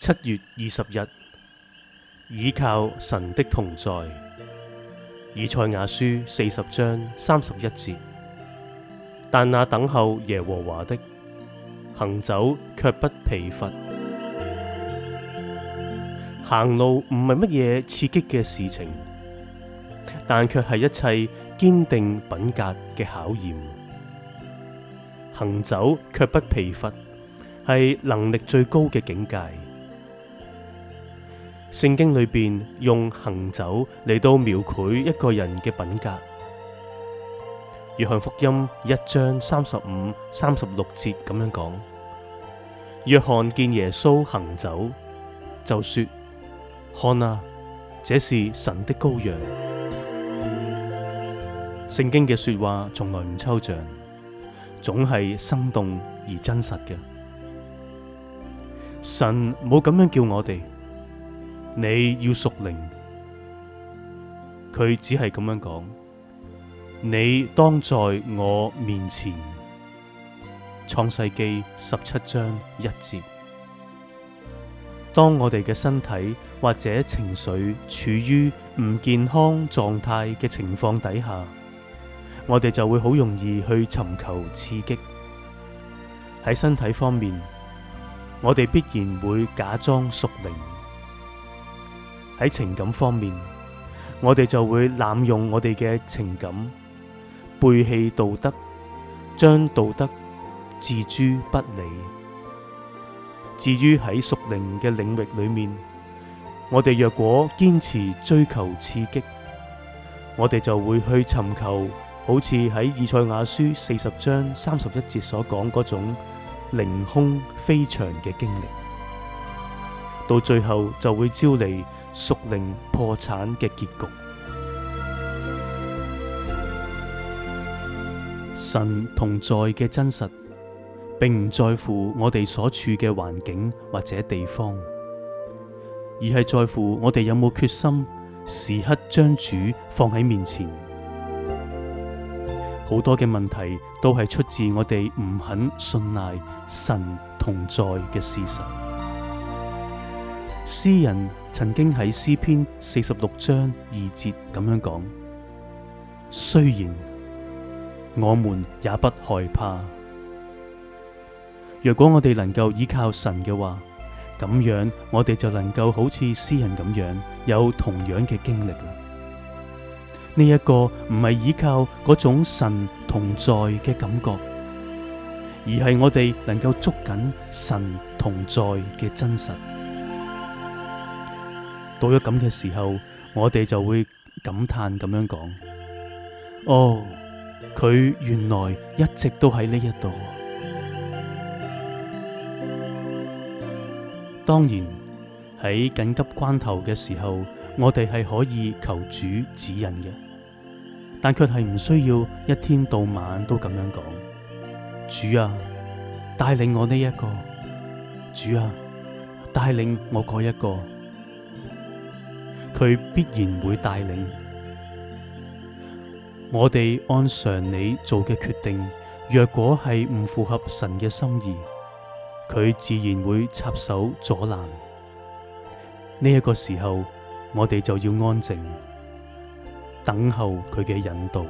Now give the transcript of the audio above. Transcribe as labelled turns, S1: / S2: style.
S1: 七月二十日，倚靠神的同在。以賽亞書四十章三十一節。但那等候耶和華的行走卻不疲乏。行路唔係乜嘢刺激嘅事情，但卻係一切堅定品格嘅考驗。行走卻不疲乏，係能力最高嘅境界。聖經裏邊用行走嚟到描繪一個人嘅品格。約翰福音一章三十五、三十六節咁樣講：約翰見耶穌行走，就說：看啊，這是神的羔羊。聖經嘅說話從來唔抽象，總係生動而真實嘅。神冇咁樣叫我哋。你要屬靈，佢只係咁樣講。你當在我面前，創世記十七章一節。當我哋嘅身體或者情緒處於唔健康狀態嘅情況底下，我哋就會好容易去尋求刺激。喺身體方面，我哋必然會假裝屬靈。喺情感方面，我哋就會濫用我哋嘅情感，背棄道德，將道德置諸不理。至於喺屬靈嘅領域裏面，我哋若果堅持追求刺激，我哋就會去尋求好似喺以賽亞書四十章三十一節所講嗰種凌空飛翔嘅經歷，到最後就會招嚟。屬靈破產嘅結局。神同在嘅真實，並唔在乎我哋所處嘅環境或者地方，而係在乎我哋有冇決心時刻將主放喺面前。好多嘅問題都係出自我哋唔肯信賴神同在嘅事實。詩人曾經喺詩篇四十六章二節咁樣講：雖然我們也不害怕，若果我哋能夠依靠神嘅話，咁樣我哋就能夠好似詩人咁樣有同樣嘅經歷啦。呢一個唔係依靠嗰種神同在嘅感覺，而係我哋能夠捉緊神同在嘅真實。到咗咁嘅時候，我哋就會感嘆咁樣講：哦，佢原來一直都喺呢一度。當然喺緊急關頭嘅時候，我哋係可以求主指引嘅，但卻係唔需要一天到晚都咁樣講。主啊，帶領我呢一個；主啊，帶領我嗰一個。佢必然會帶領我哋按常理做嘅決定，若果係唔符合神嘅心意，佢自然會插手阻攔。呢一個時候，我哋就要安靜等候佢嘅引導。